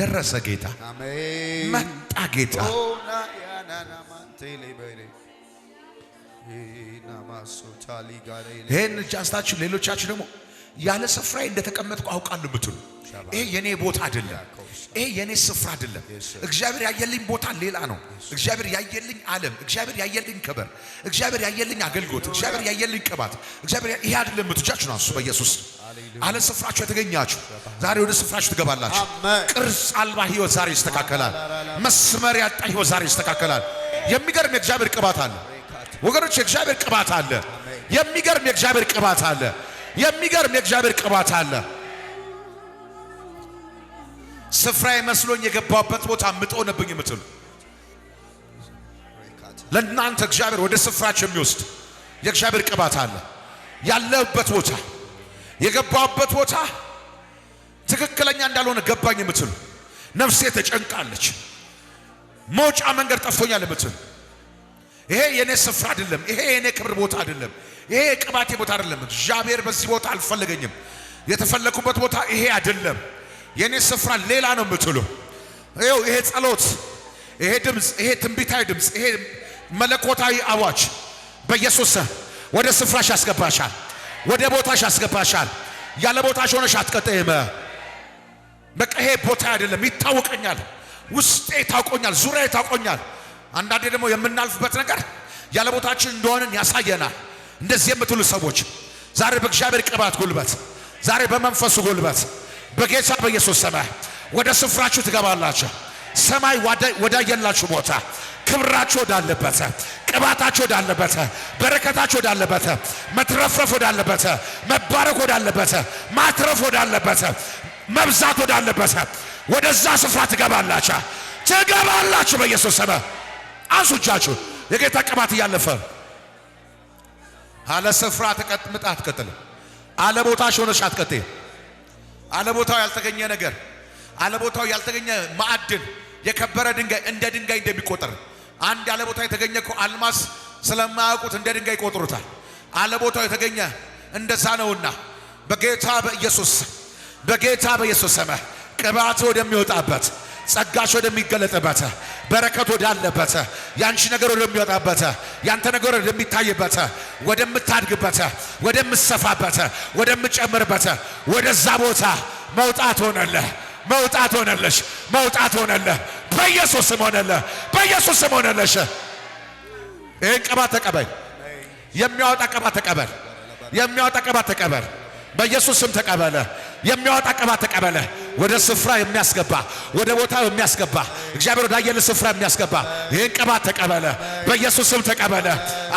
ደረሰ ጌታ፣ መጣ ጌታ። ይህን እጃስታችሁ ሌሎቻችሁ ደግሞ ያለ ስፍራዬ እንደተቀመጥኩ አውቃለሁ ብትሉ ይሄ የኔ ቦታ አይደለም። ይሄ የኔ ስፍራ አይደለም። እግዚአብሔር ያየልኝ ቦታ ሌላ ነው። እግዚአብሔር ያየልኝ ዓለም፣ እግዚአብሔር ያየልኝ ክብር፣ እግዚአብሔር ያየልኝ አገልግሎት፣ እግዚአብሔር ያየልኝ ቅባት፣ እግዚአብሔር ይሄ አይደለም። ምትቻችሁ ናሱ በኢየሱስ አለ ስፍራችሁ የተገኛችሁ ዛሬ ወደ ስፍራችሁ ትገባላችሁ። ቅርጽ አልባ ህይወት ዛሬ ይስተካከላል። መስመር ያጣ ህይወት ዛሬ ይስተካከላል። የሚገርም የእግዚአብሔር ቅባት አለ ወገኖች፣ የእግዚአብሔር ቅባት አለ። የሚገርም የእግዚአብሔር ቅባት አለ። የሚገርም የእግዚአብሔር ቅባት አለ። ስፍራ መስሎኝ የገባበት ቦታ ምጦ ነብኝ የምትሉ ለእናንተ እግዚአብሔር ወደ ስፍራችሁ የሚወስድ የእግዚአብሔር ቅባት አለ ያለበት ቦታ የገባበት ቦታ ትክክለኛ እንዳልሆነ ገባኝ የምትሉ ነፍሴ ተጨንቃለች፣ መውጫ መንገድ ጠፍቶኛል የምትሉ ይሄ የእኔ ስፍራ አይደለም፣ ይሄ የኔ ክብር ቦታ አይደለም፣ ይሄ የቅባቴ ቦታ አይደለም፣ እግዚአብሔር በዚህ ቦታ አልፈለገኝም፣ የተፈለግኩበት ቦታ ይሄ አይደለም፣ የእኔ ስፍራ ሌላ ነው የምትሉ ይኸው ይሄ ጸሎት፣ ይሄ ድምፅ፣ ይሄ ትንቢታዊ ድምፅ፣ ይሄ መለኮታዊ አዋጅ በኢየሱስ ወደ ስፍራሽ ያስገባሻል። ወደ ቦታሽ ያስገባሻል። ያለ ቦታሽ ሆነሽ አትቀጥይም። በቃ ይሄ ቦታ አይደለም። ይታወቀኛል፣ ውስጤ ታውቆኛል፣ ዙሪያ ታውቆኛል። አንዳንዴ ደግሞ የምናልፍበት ነገር ያለ ቦታችን እንደሆነን ያሳየናል። እንደዚህ የምትሉ ሰዎች ዛሬ በእግዚአብሔር ቅባት ጉልበት፣ ዛሬ በመንፈሱ ጉልበት በጌታ በኢየሱስ ሰማይ ወደ ስፍራችሁ ትገባላችሁ። ሰማይ ወዳየላችሁ ቦታ ክብራችሁ ወዳለበት ቅባታችሁ ወዳለበት፣ በረከታችሁ ወዳለበት፣ መትረፍረፍ ወዳለበት፣ መባረክ ወዳለበት፣ ማትረፍ ወዳለበት፣ መብዛት ወዳለበት ወደዛ ስፍራ ትገባላችሁ፣ ትገባላችሁ። በኢየሱስ ስም አንሱ እጃችሁ። የጌታ ቅባት እያለፈ አለ ስፍራ ተቀምጣ አትቀጥል። አለ ቦታሽ ሆነሽ አትቀጥል። አለ ቦታው ያልተገኘ ነገር፣ አለ ቦታው ያልተገኘ ማዕድን፣ የከበረ ድንጋይ እንደ ድንጋይ እንደሚቆጠር አንድ አለቦታ የተገኘ እኮ አልማስ ስለማያውቁት እንደ ድንጋይ ይቆጥሩታል። አለቦታ የተገኘ እንደዛ ነውና በጌታ በኢየሱስ በጌታ በኢየሱስ ስም ቅባት ወደሚወጣበት ጸጋሽ ወደሚገለጥበት በረከት ወዳለበት ያንቺ ነገር ወደሚወጣበት ያንተ ነገር ወደሚታይበት ወደምታድግበት ወደምሰፋበት ወደምትጨምርበት ወደዛ ቦታ መውጣት ሆነለህ መውጣት ሆነለሽ መውጣት ሆነለህ። በኢየሱስ ስም ሆነልህ። በኢየሱስ ስም ሆነልህ። ይህን ቅባት ተቀበል። የሚያወጣ ቅባት ተቀበል። የሚያወጣ ቅባት ተቀበል። በኢየሱስ ስም ተቀበለ። የሚያወጣ ቅባት ተቀበለ። ወደ ስፍራ የሚያስገባ ወደ ቦታ የሚያስገባ እግዚአብሔር ወዳየልህ ስፍራ የሚያስገባ ይህን ቅባት ተቀበለ። በኢየሱስ ስም ተቀበለ።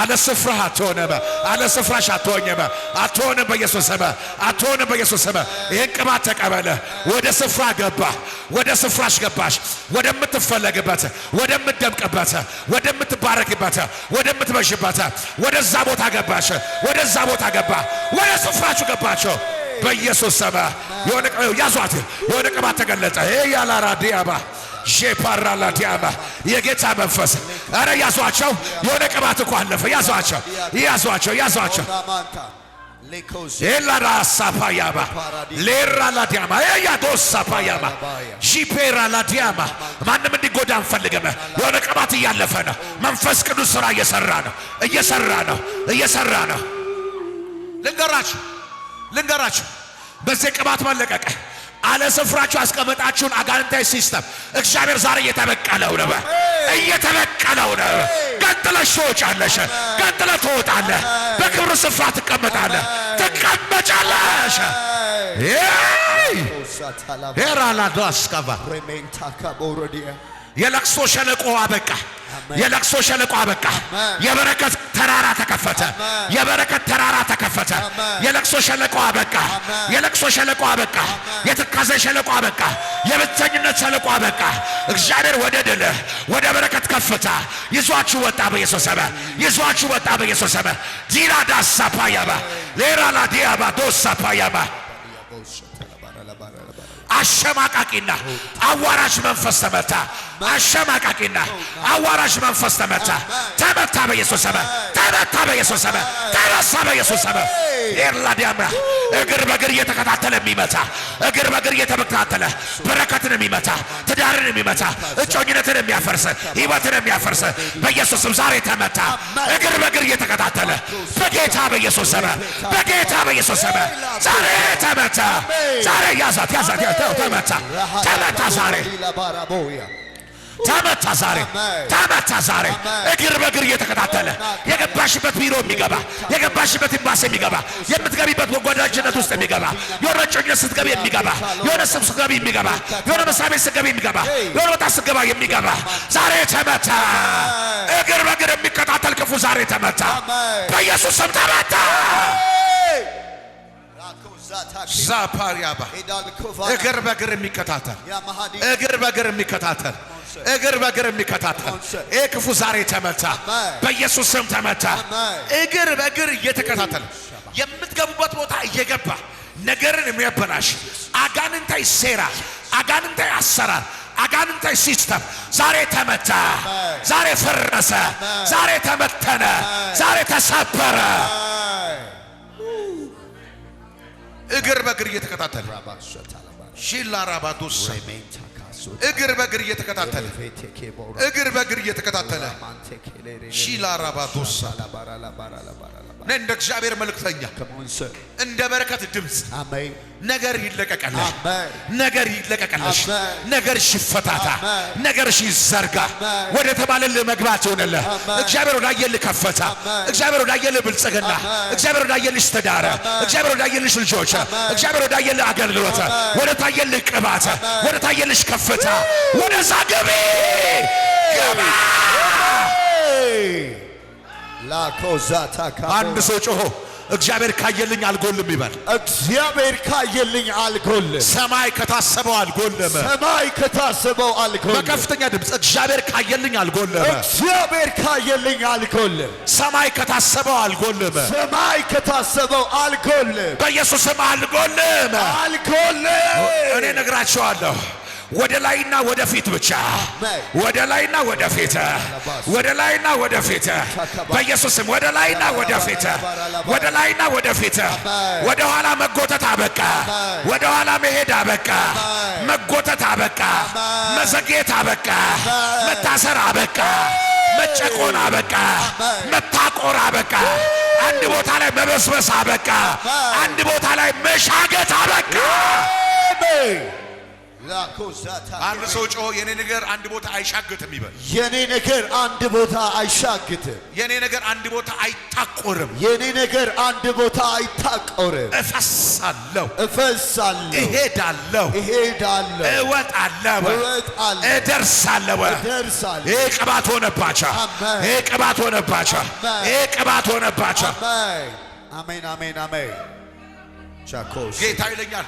አለ ስፍራህ አትሆንም። አለ ስፍራሽ አትሆኝም። አትሆንም በኢየሱስ ስም አትሆንም በኢየሱስ ስም። ይህን ቅባት ተቀበለ። ወደ ስፍራ ገባህ፣ ወደ ስፍራሽ ገባሽ። ወደምትፈለግበት፣ ወደምትደምቅበት፣ ወደምትባረክበት፣ ወደምትመሽበት ወደዛ ቦታ ገባሽ። ወደዛ ቦታ ገባህ፣ ወደ ስፍራችሁ ገባቸው በኢየሱስ ስም። የሆነ ያዟት፣ የሆነ ቅባት ተገለጠ። ይህ ያላራዲ አባ ሼፓራ የጌታ መንፈስ አረ ያዟቸው። የሆነ ቅባት እኮ አለፈ። ያዟቸው፣ ያዟቸው፣ ያዟቸው ኤላራ ሳፓያማ ሌራ ላዲያማ ሳፓያማ ዢፔራ ማንም እንዲጎዳ አንፈልግም። የሆነ ቅባት እያለፈ ነው። መንፈስ ቅዱስ ሥራ እየሠራ ነው፣ እየሠራ ነው፣ እየሠራ ነው። ልንገራችሁ፣ ልንገራችሁ በዚህ ቅባት መለቀቀ አለ ስፍራችሁ ያስቀመጣችሁን አጋንንታዊ ሲስተም እግዚአብሔር ዛሬ እየተበቀለው ነው፣ እየተበቀለው ነው። ቀጥለ ትወጫለሽ፣ ቀጥለ ትወጣለህ። በክብር ስፍራ ትቀመጣለህ፣ ትቀመጫለሽ። ሄራላዶ አስቀባ የለቅሶ ሸለቆ አበቃ። የለቅሶ ሸለቆ አበቃ። የበረከት ተራራ ተከፈተ። የበረከት ተራራ ተከፈተ። የለቅሶ ሸለቆ አበቃ። የለቅሶ ሸለቆ አበቃ። የትካዜ ሸለቆ አበቃ። የብቸኝነት ሸለቆ አበቃ። እግዚአብሔር ወደ ድል፣ ወደ በረከት ከፍታ ይዟችሁ ወጣ በኢየሱስ ስም። ይዟችሁ ወጣ በኢየሱስ ስም። ዲራ ዳሳ ፓያባ ሌራ ላዲያባ ዶሳ ፓያባ አሸማቃቂና አዋራጅ መንፈስ ተመታ። አሸማቃቂና አዋራሽ መንፈስ ተመታ፣ ተመታ በኢየሱስ ስም፣ ተመታ በኢየሱስ ስም፣ ተነሳ በኢየሱስ ስም። ኤርላዲያማ እግር በእግር እየተከታተለ የሚመታ እግር በእግር እየተከታተለ በረከትን የሚመታ ትዳርን የሚመታ እጮኝነትን የሚያፈርስ ሕይወትን የሚያፈርስ በኢየሱስ ስም ዛሬ ተመታ። እግር በእግር እየተከታተለ በጌታ በኢየሱስ ስም፣ በጌታ በኢየሱስ ስም ዛሬ ተመታ። ዛሬ ያዛት፣ ያዛት፣ ተመታ፣ ተመታ ዛሬ ተመታ ዛሬ፣ ተመታ ዛሬ። እግር በእግር እየተከታተለ የገባሽበት ቢሮ የሚገባ የገባሽበት ኢምባሲ የሚገባ የምትገቢበት ወጓዳጅነት ውስጥ የሚገባ የሆነ ጮኛ ስትገቢ የሚገባ የሆነ ስብ ስትገቢ የሚገባ የሆነ መሳቤ ስትገቢ የሚገባ የሆነ ቦታ ስትገባ የሚገባ ዛሬ ተመታ። እግር በእግር የሚከታተል ክፉ ዛሬ ተመታ፣ በኢየሱስ ስም ተመታ። ዛፓሪያባ እግር በእግር የሚከታተል እግር በእግር የሚከታተል እግር በእግር የሚከታተል ይህ ክፉ ዛሬ ተመታ፣ በኢየሱስ ስም ተመታ። እግር በእግር እየተከታተለ የምትገቡበት ቦታ እየገባ ነገርን የሚያበላሽ አጋንንታይ ሴራ፣ አጋንንታይ አሰራር፣ አጋንንታይ ሲስተም ዛሬ ተመታ፣ ዛሬ ፈረሰ፣ ዛሬ ተመተነ፣ ዛሬ ተሰበረ። እግር በእግር እየተከታተል ሺላ እግር በእግር እየተከታተለ እግር በእግር እየተከታተለ እኔ እንደ እግዚአብሔር መልእክተኛ እንደ በረከት ድምፅ ነገር ይለቀቀለሽ፣ ነገር ይለቀቀለሽ፣ ነገር ይፈታታ፣ ነገርሽ ይዘርጋ። ወደ ተባለል መግባት ይሆነልህ። እግዚአብሔር ወዳየልህ ከፈታ፣ እግዚአብሔር ወዳየልህ ብልጽግና፣ እግዚአብሔር ወዳየልሽ ተዳረ እግዚአብሔር ወዳየልሽ ልጆች፣ እግዚአብሔር ወዳየልህ አገልግሎት፣ ወደ ታየልህ ቅባት፣ ወደ ታየልሽ ከፍታ፣ ወደዛ ግቢ ግባ። አንድ ሰው ጮሆ እግዚአብሔር ካየልኝ አልጎልም ይበል። እግዚአብሔር ካየልኝ አልጎልም። ሰማይ ከታሰበው አልጎልም። ሰማይ ከታሰበው አልጎልም። በከፍተኛ ድምፅ እግዚአብሔር ካየልኝ አልጎልም። እግዚአብሔር ካየልኝ አልጎልም። ሰማይ ከታሰበው አልጎልም። ሰማይ ከታሰበው አልጎልም። በኢየሱስም አልጎልም፣ አልጎልም። እኔ ነግራቸዋለሁ ወደ ላይና ወደ ፊት ብቻ ወደ ላይና ወደ ፊት ወደ ላይና ወደ ፊት በኢየሱስም ወደ ላይና ወደ ፊት ወደ ላይና ወደ ፊት ወደ ኋላ መጎተት አበቃ። ወደ ኋላ መሄድ አበቃ። መጎተት አበቃ። መዘግየት አበቃ። መታሰር አበቃ። መጨቆን አበቃ። መታቆር አበቃ። አንድ ቦታ ላይ መበስበስ አበቃ። አንድ ቦታ ላይ መሻገት አበቃ። አንድ ሰው ጮሆ የኔ ነገር አንድ ቦታ አይሻግትም ይበል። የኔ ነገር አንድ ቦታ አይሻግትም። የኔ ነገር አንድ ቦታ አይታቆርም። የኔ ነገር አንድ ቦታ አይታቆርም። እፈሳለሁ፣ እፈሳለሁ፣ እሄዳለሁ፣ እሄዳለሁ፣ እወጣለሁ፣ እወጣለሁ፣ እደርሳለሁ፣ እደርሳለሁ። ይሄ ቅባት ሆነባቻ፣ ይሄ ቅባት ሆነባቻ፣ ይሄ ቅባት ሆነባቻ። አሜን፣ አሜን፣ አሜን። ቻኮስ ጌታ ይለኛል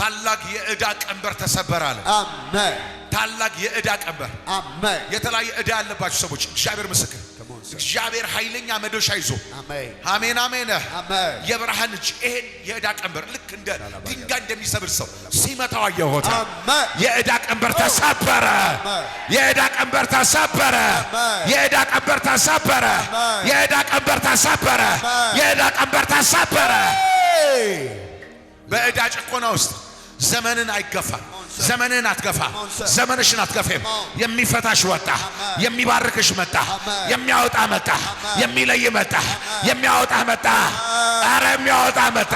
ታላቅ የእዳ ቀንበር ተሰበራለ። አሜን። ታላቅ የእዳ ቀንበር አሜን። የተለያየ ዕዳ ያለባችሁ ሰዎች እግዚአብሔር ምስክር፣ እግዚአብሔር ኃይለኛ መዶሻ ይዞ አሜን፣ አሜን፣ የብርሃን እጅ ይሄን የዕዳ ቀንበር ልክ እንደ ድንጋይ እንደሚሰብር ሰው ሲመታው አየሁት። የዕዳ ቀንበር ተሰበረ፣ የእዳ ቀንበር ተሰበረ፣ የእዳ ቀንበር ተሰበረ፣ የእዳ ቀንበር ተሰበረ፣ የእዳ ቀንበር ተሰበረ። በእዳ ጭቆና ውስጥ ዘመንን አይገፋም። ዘመንን አትገፋ። ዘመንሽን አትገፌም። የሚፈታሽ ወጣ፣ የሚባርክሽ መጣ፣ የሚያወጣ መጣ፣ የሚለይ መጣ፣ የሚያወጣ መጣ፣ አረ የሚያወጣ መጣ፣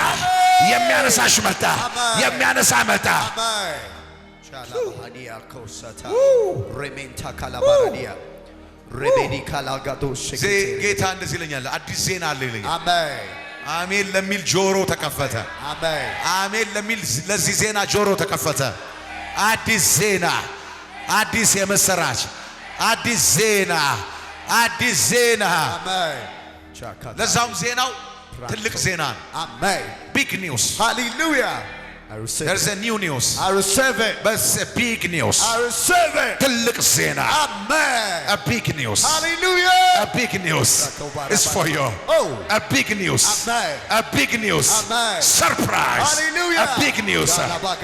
የሚያነሳሽ መጣ፣ የሚያነሳ መጣ። ቻላባሃዲያ ኮሰታ ሬሜንታ ካላባራዲያ ሬቤኒ ካላጋዶ ጌታ እንደዚህ ይለኛል። አዲስ ዜና አለ ይለኛል። አሜን አሜን ለሚል ጆሮ ተከፈተ። አሜን ለሚል ለዚህ ዜና ጆሮ ተከፈተ። አዲስ ዜና፣ አዲስ የመሰራች አዲስ ዜና፣ አዲስ ዜና። ለዛውም ዜናው ትልቅ ዜና ነው። ቢግ ኒውስ። ሃሌሉያ there's a new news. I receive it. But it's a big news. I receive it. ትልቅ ዜና. Amen. A big news. Hallelujah. A big news. It's for you. Oh. A big news. Amen. A big news. Amen. Surprise. Hallelujah. A big news.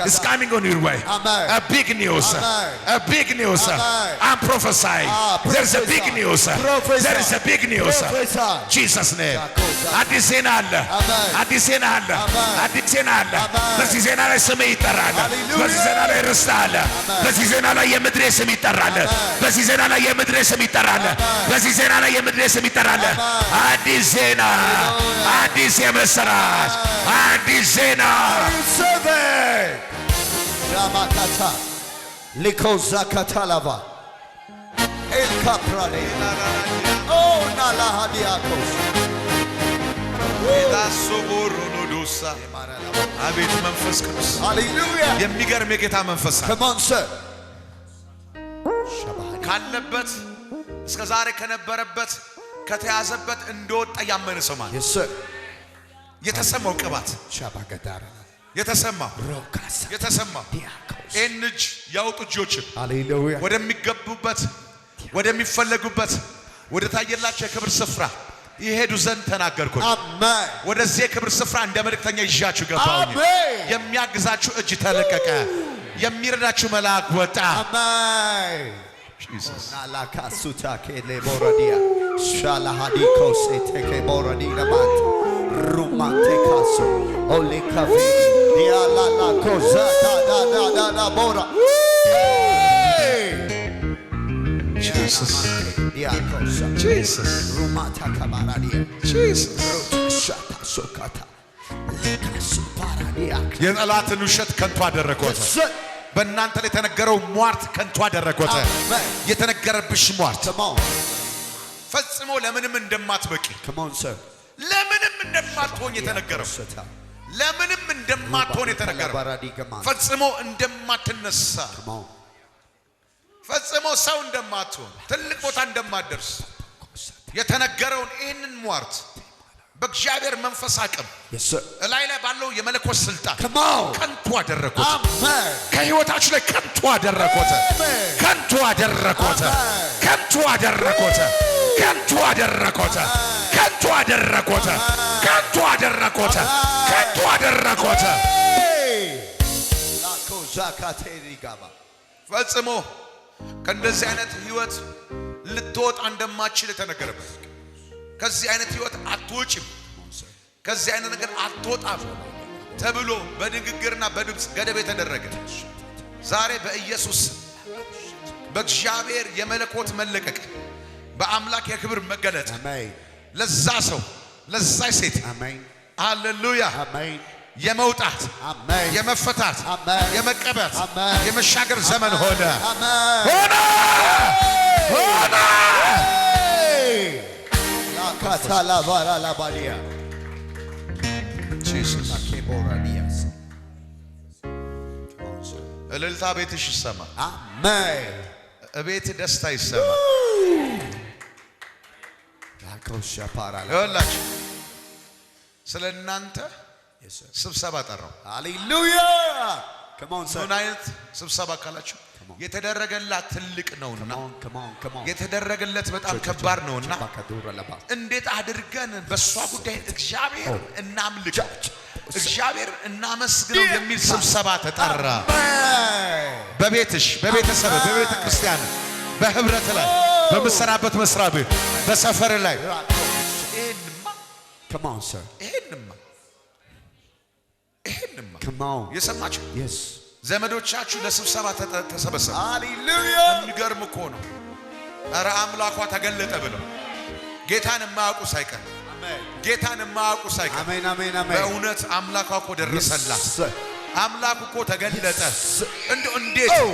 It's coming on your way. Amen. A big news. Amen. A big news. Amen. I'm prophesying. Ah, there's a big news. Professor. There is a big news. Professor. Jesus name. አዲስ ዜና አለ። አዲስ ዜና አለ። አዲስ ዜና አለ። ዜና ላይ ስምህ ይጠራል። በዚህ ዜና ላይ ርስት አለ። በዚህ ዜና ላይ የምድሬ ስም ይጠራል። በዚህ ዜና ላይ የምድሬ ስም ይጠራል። በዚህ ዜና ላይ የምድሬ ስም ይጠራል። አዲስ ዜና፣ አዲስ የመሰራት አዲስ ዜና ራማካታ ሊኮዛ ካታላባ ኤልካፕራዴ ኦ ናላሃዲያኮስ ዳሶቦሮን ሩሳ አቤት መንፈስ ቅዱስ ሃሌሉያ! የሚገርም የጌታ መንፈስ ከማንሰ ካለበት እስከ ዛሬ ከነበረበት ከተያዘበት እንደወጣ ያመነ ሰው ማለት የተሰማው ቅባት የተሰማው የተሰማው ይህን እጅ ያውጡ እጆችን ወደሚገቡበት ወደሚፈለጉበት ወደ ታየላቸው የክብር ስፍራ ይሄዱ ዘንድ ተናገርኩ። ወደዚህ የክብር ስፍራ እንደ መልእክተኛ ይዣችሁ የሚያግዛችሁ እጅ ተለቀቀ። የሚረዳችሁ መልአክ ወጣ። Jesus. Jesus. የጠላትን ውሸት ከንቱ አደረጎት። በእናንተ ላይ የተነገረው ሟርት ከንቱ አደረጎት። የተነገረብሽ ሟርት ፈጽሞ ለምንም እንደማትበቂ ለምንም እንደማትሆን የተነገረው ለምንም እንደማትሆን የተነገረው ፈጽሞ እንደማትነሳ ፈጽሞ ሰው እንደማትሆን ትልቅ ቦታ እንደማትደርስ የተነገረውን ይህንን ሟርት በእግዚአብሔር መንፈስ አቅም እላይ ላይ ባለው የመለኮት ስልጣን ከንቱ አደረኩት። ከህይወታችሁ ላይ ከንቱ አደረኩት። ከንቱ አደረኩት። ከንቱ አደረኩት። ከንቱ አደረኩት። ከንቱ አደረኩት። ከንቱ አደረኩት። ከንቱ አደረኩት። ላኮ ዛካቴሪ ጋባ ፈጽሞ ከእንደዚህ አይነት ህይወት ልትወጣ እንደማችል የተነገረበት ከዚህ አይነት ህይወት አትወጭም፣ ከዚህ አይነት ነገር አትወጣም ተብሎ በንግግርና በድምፅ ገደብ የተደረገ ዛሬ በኢየሱስ በእግዚአብሔር የመለኮት መለቀቅ በአምላክ የክብር መገለጥ ለዛ ሰው ለዛ ሴት አሜን፣ ሃሌሉያ አሜን። የመውጣት የመፈታት የመቀበት የመሻገር ዘመን ሆነ ሆነ ሆነ። ካታላባራላባዲያ እልልታ ቤትሽ ይሰማ። አሜን። እቤት ደስታ ይሰማ። ላችሁ ስለ እናንተ ስብሰባ ጠራው። ሃሌሉያ ምን አይነት ስብሰባ ካላችሁ የተደረገላት ትልቅ ነውና የተደረገለት በጣም ከባድ ነውና እንዴት አድርገን በእሷ ጉዳይ እግዚአብሔር oh. እናምልክ፣ እግዚአብሔር እናመስግነው የሚል ስብሰባ ተጠራ። በቤትሽ፣ በቤተሰብ፣ በቤተ ክርስቲያን፣ በህብረት ላይ oh. በምሰራበት መስሪያ ቤት፣ በሰፈር ላይ ይህንማ ይሄንማ የሰማችሁ ዘመዶቻችሁ ለስብሰባ ተሰበሰቡ። ሃሌሉያ! የሚገርም እኮ ነው። ኧረ አምላኳ ተገለጠ ብለው ጌታን የማያውቁ ሳይቀር ጌታን የማያውቁ ሳይቀር በእውነት አምላኳ እኮ ደረሰላት። አምላኩ እኮ ተገለጠ። እንደው እንዴት oh,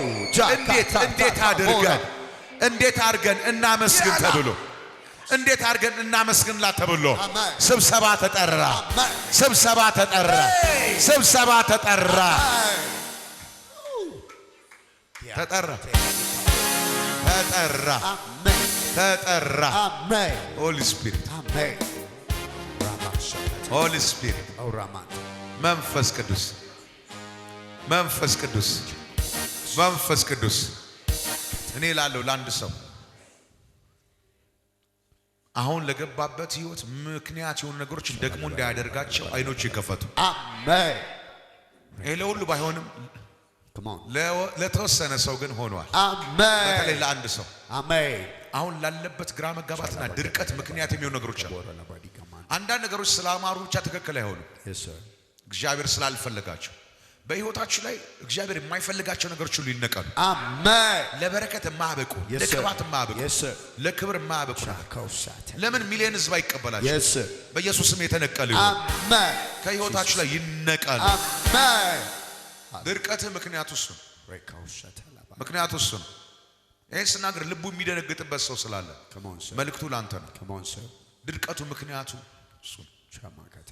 እንዴት እንዴት አድርገን እንዴት አድርገን እናመስግን ተብሎ እንዴት አድርገን እናመስግንላት ተብሎ ስብሰባ ተጠራ። ስብሰባ ተጠራ። ስብሰባ ተጠራ ተጠራ ተጠራ ተጠራ። ሆሊ ስፒሪት ሆሊ ስፒሪት መንፈስ ቅዱስ መንፈስ ቅዱስ መንፈስ ቅዱስ እኔ እላለሁ ለአንድ ሰው አሁን ለገባበት ህይወት ምክንያት የሆኑ ነገሮች ደግሞ እንዳያደርጋቸው አይኖች ይከፈቱ። አሜን። ይሄ ለሁሉ ባይሆንም ለተወሰነ ሰው ግን ሆኗል። አሜን። በተለይ ለአንድ ሰው አሜን። አሁን ላለበት ግራ መጋባትና ድርቀት ምክንያት የሚሆኑ ነገሮች አሉ። አንዳንድ ነገሮች ስላማሩ ብቻ ትክክል አይሆኑም። እግዚአብሔር ስላልፈለጋቸው በህይወታችሁ ላይ እግዚአብሔር የማይፈልጋቸው ነገሮች ሁሉ ይነቀሉ። አሜን። ለበረከት የማያበቁ ለቅባት የማያበቁ ለክብር የማያበቁ ለምን ሚሊዮን ህዝብ አይቀበላቸው? በኢየሱስ ስም የተነቀሉ አሜን። ከህይወታችሁ ላይ ይነቀሉ። አሜን። ድርቀትህ ምክንያቱ እሱ ነው። ነው። ይህን ስናገር ልቡ የሚደነግጥበት ሰው ስላለ መልእክቱ ላንተ ነው። ድርቀቱ ምክንያቱ እሱ ነው።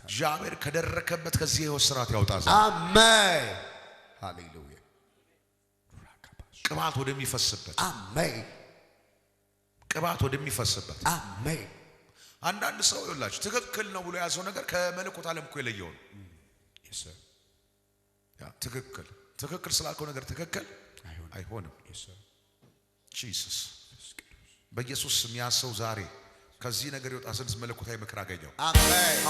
እግዚአብሔር ከደረከበት ከዚህ ህይወት ስርዓት ያውጣ። አሜን ሃሌሉያ። ቅባት ወደሚፈስበት አሜን። ቅባት ወደሚፈስበት አሜን። አንዳንድ ሰው ይላችሁ ትክክል ነው ብሎ የያዘው ነገር ከመለኮት ዓለም እኮ የለየው ነው። ትክክል ትክክል ስላልከው ነገር ትክክል አይሆንም። ጂሰስ በኢየሱስ ስም ያ ዛሬ ከዚህ ነገር የወጣ ዘንድ መለኮታዊ ምክር አገኘው።